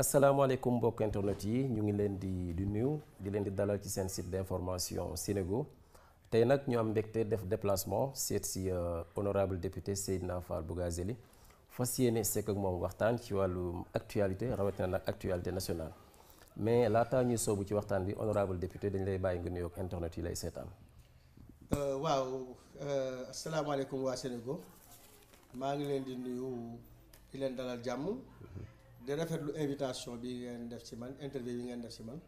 asalaamaaleykum mbokk internet yi ñu ngi leen di di nuyu di leen di dalal ci seen site d'information Sénégo tey nag ñu am mbégte def déplacement seet si euh, honorable député Seydina Fall Bougazelli fas yéene sekk ak moom waxtaan ci wàllu actualité rawatina nag actualité nationale mais laataa ñuy soobu ci waxtaan bi honorable député dañu lay bàyyi nga nuyoog internet yi lay seetaan. Euh, waaw euh, asalaamaaleykum waa Sénégo maa ngi leen di nuyu di leen dalal jàmm. Mm-hmm. di rafetlu invitation bi ngeen def ci man interview yi ngeen def ci man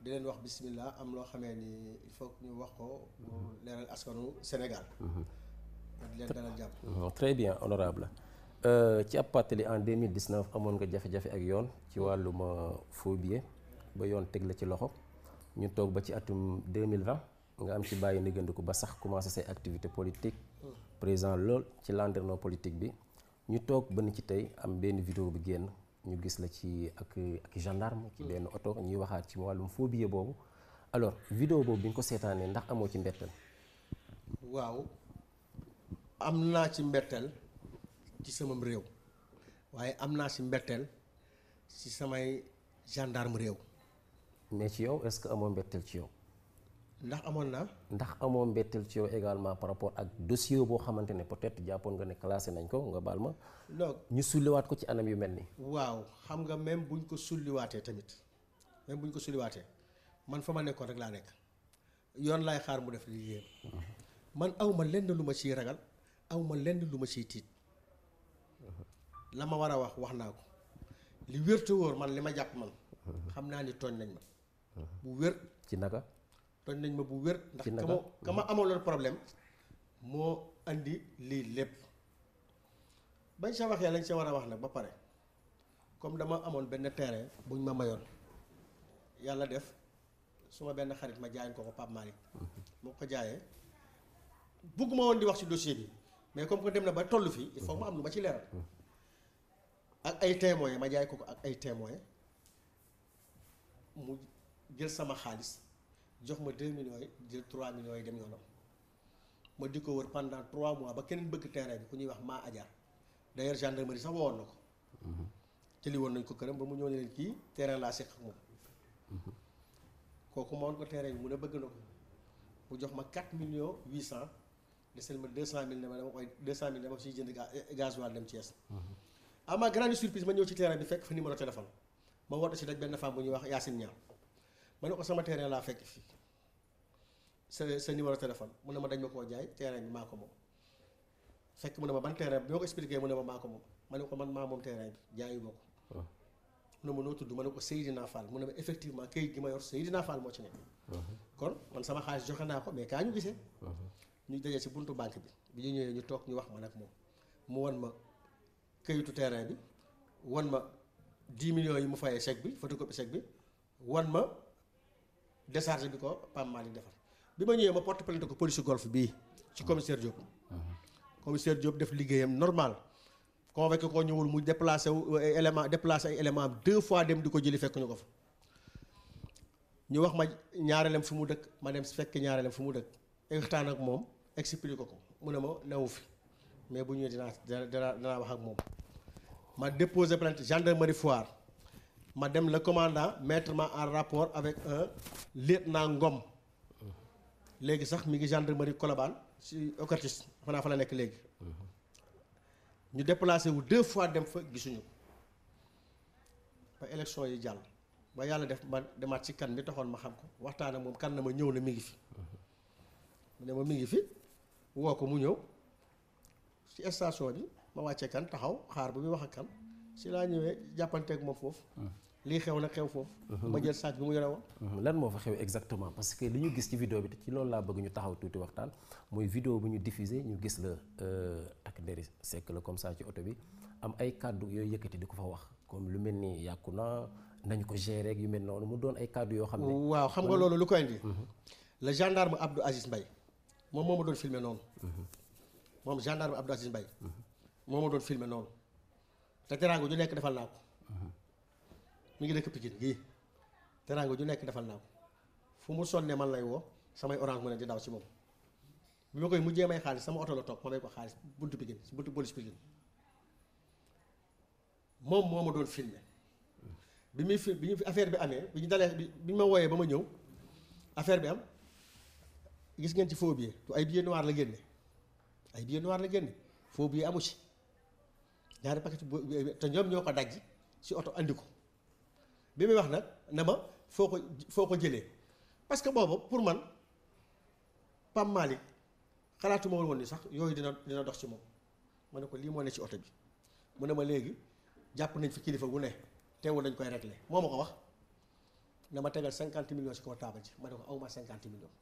di leen wax bismillah am loo xamee ni il faut ñu wax ko mu leeral askanu Sénégal. Mhm. di leen dalal jàmm. très bien honorable euh, ci ab pàttali en 2019 amoon nga jafe-jafe ak yoon ci wàllum euh, faux billet ba yoon teg la ci loxo ñu toog ba ci atum 2020 nga am ci bàyyi ndiggandiku ba sax commencé say activité politique mm. présent lool ci landerneau politique bi ñu toog ba ni ci tey am benn vidéo bi génn. ñu gis la ci ak ak gendarme ci benn oto ñuy waxaat ci wàllum phobie boobu alors video boobu bi nga ko seetaanee ndax amoo ci mbetteel waaw am naa ci mbetteel ci samam réew waaye am naa ci mbetteel ci samay gendarme réew mais ci yow est-ce que amoo mbetteel ci yow ndax amoon na ndax amoo mbetteel ci yow également par rapport ak dossier boo xamante ne peut-être jàppoon nga ne classé nañ ko nga baal ma. donc ñu sulliwaat ko ci anam yu mel ni waaw xam nga même buñ ko sulliwaatee tamit même buñ ko sulliwaatee man fa ma nekkoon rek laa nekk yoon laay xaar mu def liggéeyam man aw ma lenn lu ma ciy ragal aw ma lenn lu ma ciy tiit la ma war a wax wax naa ko li wér te wóor man li ma jàpp man. xam naa ni tooñ nañ ma. bu wér ci naka. tooñ nañ ma bu wér ndax kama mhm. amoon loolu problème moo andi lii lépp bañ sa waxee lañ sa war a wax nag ba pare comme dama amoon benn terrain buñ ma mayoon yàlla def su ma benn xarit ma jaayañ ko ko Pape Malick mhm. moo ko jaayee ma woon di wax ci dossier bi mais comme que dem na ba toll fii il faut ma am lu ma ci leeral mhm. ak ay témoins ma jaay ko ko ak ay témoins mu jël sama xaalis jox ma 2 millions yi jël 3 millions yi dem yoonam ma di ko wër pendant 3 mois ba keneen bëgg terrain bi ku ñuy wax maa ajar d'ailleurs gendarmerie sax wowoon na ko. Mhm. jëli woon nañ ko këram ba mu ñëw ne kii terrain laa seq ak moom. Mhm. kooku ma woon ko terrain bi mu ne bëgg na ko mu jox ma 4 millions 800 desel ma 200000 dama dama koy 200000 dama siy jënd eh, gasoil dem Thiès. Mhm. à grande surprise ma ñëw ci terrain bi fekk fa numéro téléphone ma woote si daj wax Yacine Niang. ma ne ko sama terrain laa fekk fii sa sa numéro téléphone mu na ma dañ ma koo jaay terrain bi maa ko moom fekk mu na ma ban teree bi boo ko ne ma maa ko moom ma ne ko man maa moom terrain bi jaayu ma ko. Ah. mu ne ma noo tudd ma ne ko Seydina Fall mu ne ma effectivement kayit gi ma yor Seydina Fall moo ci nekk. Ah. kon man sama xaalis joxe naa ko mais kaa ñu gisee. Ah. ñu daje si buntu banque bi bi ñu ñëwee ñu toog ñu wax ma nag moom mu wan ma kayitu terrain bi wan ma 10 millions yi mu fayee chèque bi photocopie chèque ma. décharge bi ko Pape Malick defar bi ma ñëwee ma porte plainte ko police golf bii ci commissaire Diop. Uh-huh. commissaire Diop def liggéeyam normal convoqué ko ñëwul mu déplacé wu ay euh, élément déplacé ay élément am deux fois dem di ko jëli fekk ñu ko fa ñu wax ma ñaareelem fu mu dëkk ma dem fekk ñaareelam fu mu dëkk waxtaan ak moom expliqué ko ko mu ne ma newu fi mais bu ñëwee dinaa dinaa dinaa wax ak moom ma déposé plainte gendarmerie foire ma dem la commandant mettre en rapport avec un euh, naa Ngom léegi sax mi ngi gendarmerie Colobane si Ocatis xanaa fa la nekk léegi ñu déplacé wu deux fois dem fa gisuñu ko ba élection yi jàll ba yàlla def ma demaat ci kan mi taxoon ma xam ko waxtaan moom kan na ma ñëw na mi ngi fi mu ne ma mi ngi fi woo ko mu ñëw ci station bi ma wàccee kan taxaw xaar bu muy wax ak kan si laa ñëwee jàppanteeg moom foofu lii xew na xew foofu. Mhm. ma jël sac bi mu yore woon. Mhm. lan moo fa xew exactement parce que li ñu gis ci vidéo bi ci loolu laa bëgg ñu taxaw tuuti waxtaan mooy vidéo bu ñu diffusé ñu gis la takk euh, deri sekk la comme ça ci oto bi am ay kàddu yooyu yëkkati di ko fa wax comme lu mel ni yàqu na nañu ko gérer ak yu mel noonu mu doon ay kàddu yoo xam ne. waaw xam nga loolu lu koy indi. Mhm. le gendarme Abdou Aziz Mbaye moom moo ma doon filmé noonu. moom gendarme Abdou Aziz Mbaye moo ma doon filmé noonu. te nekk defal naa mu ngi dëkk Pikine gii teraanga ñu nekk defal naa ko fu mu sonnee man lay woo samay orange mu ne di daw si moom bi ma koy mujjee may xaalis sama oto la toog ma may ko xaalis buntu Pikine si buntu police Pikine moom moo ma doon filmé bi muy fi bi ñu affaire bi amee bi ñu dalee bi ñu ma wooyee ba ma ñëw affaire bi am gis ngeen ci faux billet du ay billet noir la génne ay billet noir la génne faux amu ci ñaari paquet te ñoom ñoo ko dajji si oto andi ko. bi muy wax nag na ma foo ko foo ko jëlee parce que boobu pour man pam Pape Malick xalaatuma woon ni sax yooyu dina dina dox ci moom ma ne ko lii moo ne ci oto bi mu ne ma léegi jàpp nañ fi kilifa gu ne teewul lañ koy réglé moo ma ko wax na ma tegal cinquante millions ci kaw taabal ji ma ne ko aw ma cinquante millions.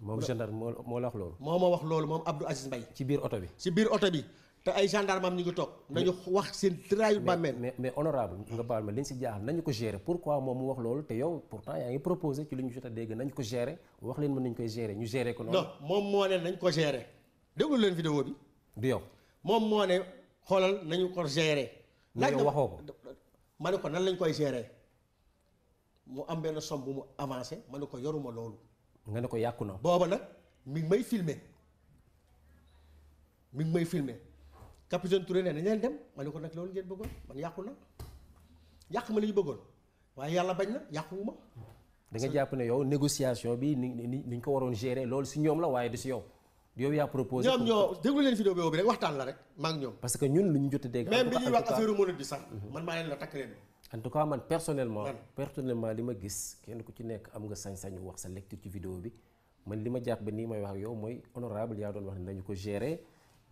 moom gendarme moo moo la wax loolu. moo ma wax loolu moom Abdou Aziz mbay ci biir oto bi. ci biir oto bi te ay gendarme am ñu ngi toog nañu wax seen trayu bàmmeel mais mais honorable nga baal ma li si jaaxal nañu ko gérer pourquoi moom mu wax loolu te yow pourtant yaa ngi proposé ci li ñu jot a dégg nañu ko gérer wax leen mën nañu koy gérer ñu gérer ko noonu non moom moo ne nañ ko gérer déglu leen vidéo bi du yow moom moo ne xoolal nañu ko gérer laaj na waxoo ma ne ko nan lañ koy gérer mu am benn somme bu mu avancé ma ne ko yoruma loolu nga ne ko yàqu na booba nag mi ngi may filmer mi ngi may filmer capitaine Touré nee nañ leen dem ma ne ko nag loolu ngeen bëggoon man yàqu na yàq ma li ñu bëggoon waaye yàlla bañ na yàquwu ma. da nga jàpp ne yow négociation bi ni ni ni ñu ko waroon gérer loolu si ñoom la waaye di si yow. yow yaa proposé ñoom ñoo déglu waxtaan la rek maa ngi parce que ñun lu ñu jot a dégg. même bi sax. man maa leen la takk leen. en tout cas man personnellement. personnellement li ma gis kenn ku ci nekk am nga sañ-sañu wax sa lecture ci vidéo bi man li ma jàpp ba nii may wax yow mooy honorable doon wax ne nañu ko gérer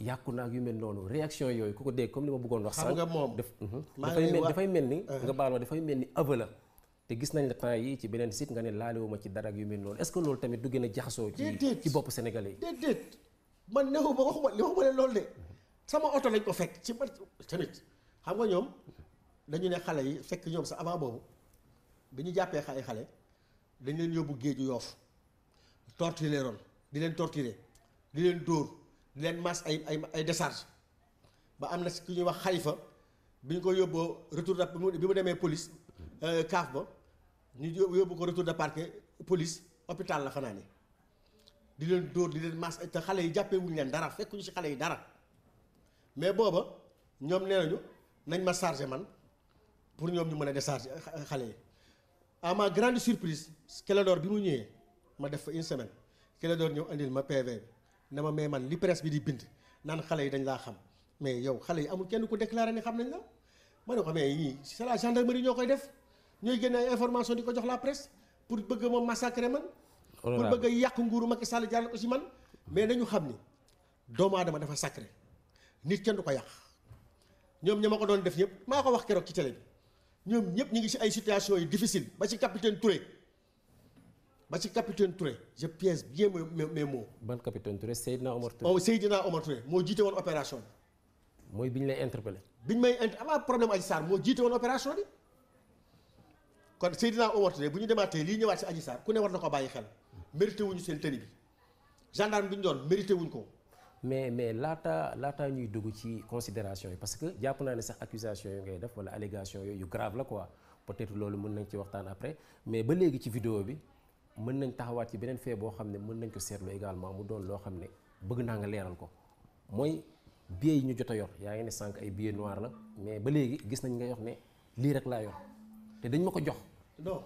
yàqu na ak yu mel noonu réaction yooyu ku ko dee comme li ma bëggoon wax. xam nga moom dafay dafay mel ni. Uh-huh. nga baal dafay mel ni aveu la. te gis nañ la temps yi ci beneen sit nga ne laalewuma ci dara ak yu mel noonu est-ce que loolu tamit a jaxasoo. ci ci boppu Sénégalais yi. déedéet man néew ba waxuma li waxuma loolu de uh-huh. sama oto lañ ko fekk ci man tamit xam nga ñoom dañu ne xale yi fekk ñoom sa avant boobu bi ñu jàppee xale xale dañ leen yóbbu géeju yoof torturer ron di leen torturer di leen dóor leen mas ay ay ay décharge ba am na si ku ñuy wax xalifa bi ñu ko yóbboo retour de bi mu demee police kaaf euh, ba ñu yóbbu ko retour de parquet police hôpital la fanaane di leen dóor di leen mas te xale yi jàppee wuñu leen dara fekkuñu si xale yi dara mais booba ñoom nee nañu nañ ma chargé man pour ñoom ñu mën a décharger xale yi à ma grande surprise Clédor bi mu ñëwee ma def fa une semaine Clédor ñëw andil ma PV bi ne ma mais man li presse bi di bind naan xale yi dañ laa xam mais yow xale yi amul kenn ku déclaré ni xam nañ la ma ne ko mais ñii c'est la gendarmerie ñoo koy def ñooy génne ay information di ko jox la presse pour bëgg ma massacrer man oh pour bëgg a yàq nguuru Macky Sall jaarale ko si man mais nañu xam ni doomu aadama dafa sacré nit kenn du ko yàq ñoom ña ko doon def ñëpp maa ko wax keroog ci télé bi ñoom ñëpp ñu ngi si ay situation yi difficile ba ci capitaine Touré ba ci capitaine Touré je pièce bien mes mes mots. ban capitaine Touré Seydina Omar Touré. oh Seydina moo jiite woon opération mooy bi ñu lay interpellé. bi ñu may inter problème Adji Sarr moo jiite woon opération bi kon Seydina Omar Touré bu ñu demaatee lii ñëwaat si Adji Sarr ku ne war na ko bàyyi xel mérité wuñu seen tëni bi gendarme bi ñu doon mérité wuñ ko. mais mais laata laata ñuy dugg ci considération yi parce que jàpp naa ne sax accusation yooyu ngay def wala allégation yooyu yu grave la quoi peut-être loolu mën nañ ci waxtaan après mais ba léegi ci vidéo bi. mën nañ taxawaat ci beneen fee boo xam ne mën nañ ko seetlu également mu doon loo xam ne bëgg naa nga leeral ko mooy billets yi ñu jot a yor yaa ngi ne sànq ay billets noirs la mais ba léegi gis nañ nga yor ne lii rek laa yor te dañ ma ko jox. non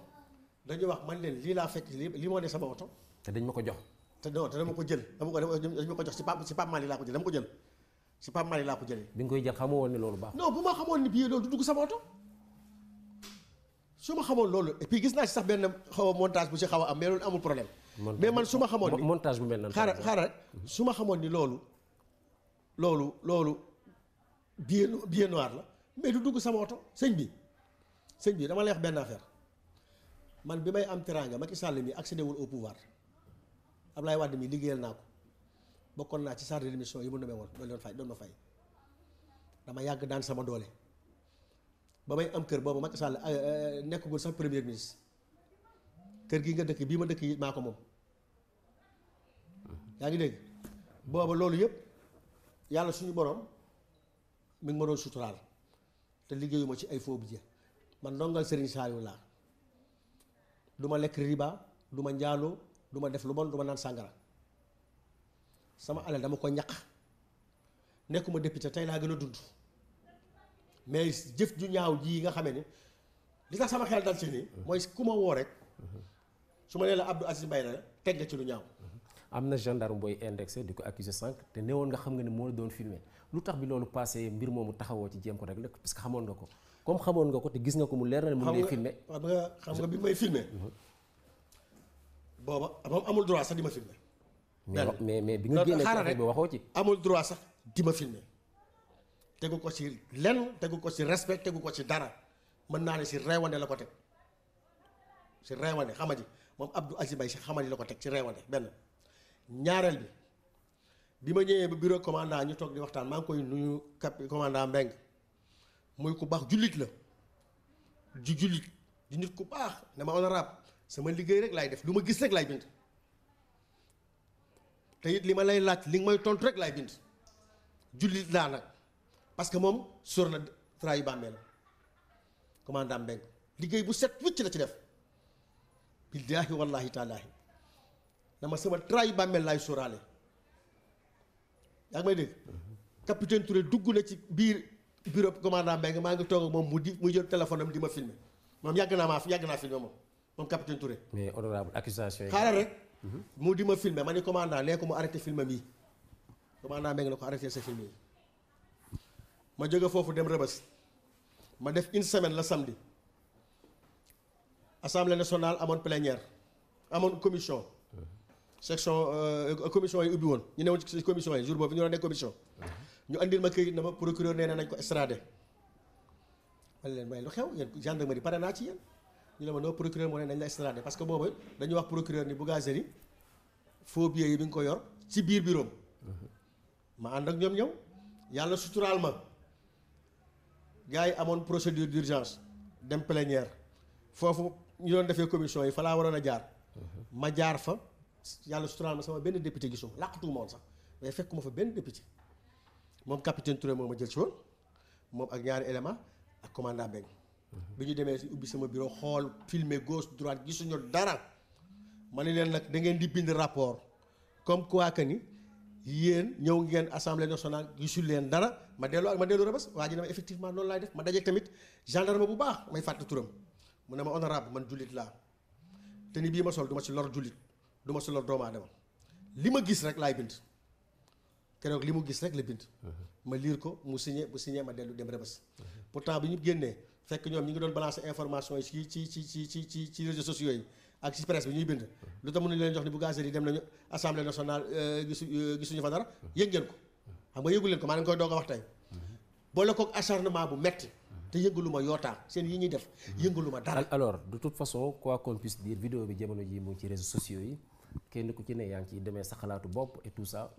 dañu wax man leen lii laa fekk lii lii moo ne sama oto. te dañ ma ko jox. te ko jël ko dañ ma ko jox si Pape si Pape laa ko jël dama ko jël si Pape Malick laa ko jëlee. bi nga koy jël xamoo woon ne loolu baax. non bu ma xamoon oto. su ma xamoon loolu et gis naa si sax benn xaw a montage bu si xaw a am mais loolu amul problème. mais man su ma xamoon ni montage bu mel noonu. xaaral xaaral mm-hmm. su ma xamoon ni loolu loolu loolu billet billet noir la dugg sama oto sëñ bi sëñ bi dama lay benn affaire man bi may am ma Macky Sall mi accédé wul au pouvoir Ablaye Wade mi liggéeyal naa ko bokkoon naa ci chargé de mission yi ma nommé woon doon leen fay doon ma fay dama yàgg daan sama doole. ba may am kër boobu Macky Sall euh, euh, nekkagul sax premier ministre kër gi nga dëkk bii ma dëkk yi maa ko moom yaa ngi dégg booba loolu yëpp yàlla suñu borom mu ngi ma doon suturaal te liggéeyuma ci ay foobu ji man ndongal Serigne Saliou laa duma ma lekk riba du ma njaaloo duma def lu bon du ma naan sàngara sama alal dama ko ñaq nekkuma député tey laa gën a dund mais jëf ju ñaaw ji nga xamee ne li tax sama xel dal ci nii. mooy ku ma woo rek. su ma nee la Abdou Aziz Mbaye la teg nga ci lu ñaaw. am na gendarme booy indexé di ko accusé sànq te newoon nga xam nga ne moo la doon filmé lu tax bi loolu passé mbir moomu taxawoo ci jéem ko rek lépp parce que xamoon nga ko comme xamoon nga ko te gis nga ko mu leer na ne mu ngi lay xam nga bi may filmé. booba moom amul droit sax di ma filmé. mais mais bi nga génnee xaaral rek waxoo ci. amul droit sax di ma filmé. tegu ko si lenn tegu ko si respect tegu ko ci dara mën naa ne ci reewande la ko teg ci reewande xamadi moom Abdou Aziz Mbaye ci xamadi la ko teg ci reewande benn ñaareel bi bi ma ñëwee ba bureau commandant ñu toog di waxtaan maa ngi koy nuyu cap commandant Mbengue muy ku baax jullit la ju jullit di nit ku baax dama honorable sama liggéey rek laay def lu ma gis rek lay bind te li ma lay laaj li may tontu rek laay bind jullit laa nag parce que moom sóor na trahi bàmmeel commandant Mbengue liggéey bu set wëcc la ci def billaahi wallaahi taalaahi dama sama trahi bàmmeel laay sóoraale yaa ngi may dégg mhm. capitaine Touré dugg na ci biir bureau commandant Mbengue maa ngi toog ak moom mu di mu jël téléphone di ma filmer moom yàgg naa maa yàgg naa filmer moom moom capitaine Touré. mais honorable yi. xaaral rek. Mhm. mu di ma filmer ma ni commandant nee ko mu arrêté film yi commandant Mbengue na ko arrêté sa film yi. ma jóge foofu dem rëbës ma def une semaine la samedi assemblée nationale amoon plénière amoon commission section euh, commission yi ubbi woon ñu ne woon ci commission yi jour boobu ñu doon nekk commission ñu andil ma këyit na ma procureur nee nañ ko extradé ma leen may lu xew ma gendarmerie pare naa ci yéen ñu ne ma noo procureur moo ne nañ la extradé parce que boobu dañu wax procureur ni Bougazelli foo billets yi bi nga ko yor ci biir bureau ma ànd ak ñoom gars yi amoon procédure d'urgence dem plénière foofu ñu doon defee commission yi fa laa waroon a jaar ma jaar fa yàlla suturaal ma sama benn député gisuma làqatuuma woon sax mais fekkuma fa benn député moom capitaine Touré moom ma jël si moom ak ñaari élément ak commandant Beng bi ñu demee si ubbi sama bureau xool filmer gauche droite gisuñu dara ma ne leen nag da ngeen di bind rapport comme quoi que ni yéen ñëw ngeen assemblée nationale gisul leen dara ma delloo ak ma delloo rëbës waa ji ne ma effectivement loolu laay def ma dajeeg tamit gendarme bu baax may fàtte turam mu ne ma honorable man jullit laa te ni bii ma sol du ma si lor jullit du ma si lor doomu li ma gis rek laay bind keroog li mu gis rek la bind ma liir ko mu signé bu signé ma dellu dem rëbës pourtant bi ñu génnee fekk ñoom ñu ngi doon balancer information yi ci ci ci ci ci ci ci réseaux sociaux yi ak ci presse bi ñuy bind lu tax mënuñu leen jox ni bu gazeer yi dem nañu assemblée nationale euh, euh, gisuñu fa dara yëg ko xam nga yëgu leen ko maa ngi koy doog a wax tey boole koog acharnement bu metti te yëngaluma yootaa seen yi ñuy def ma dara alors de toute façon quoi qu'on puisse dire vidéo bi jamono ji mu ci réseaux sociaux yi kenn ku ci ne yaa ngi ciy demee sa xalaatu bopp et tout ça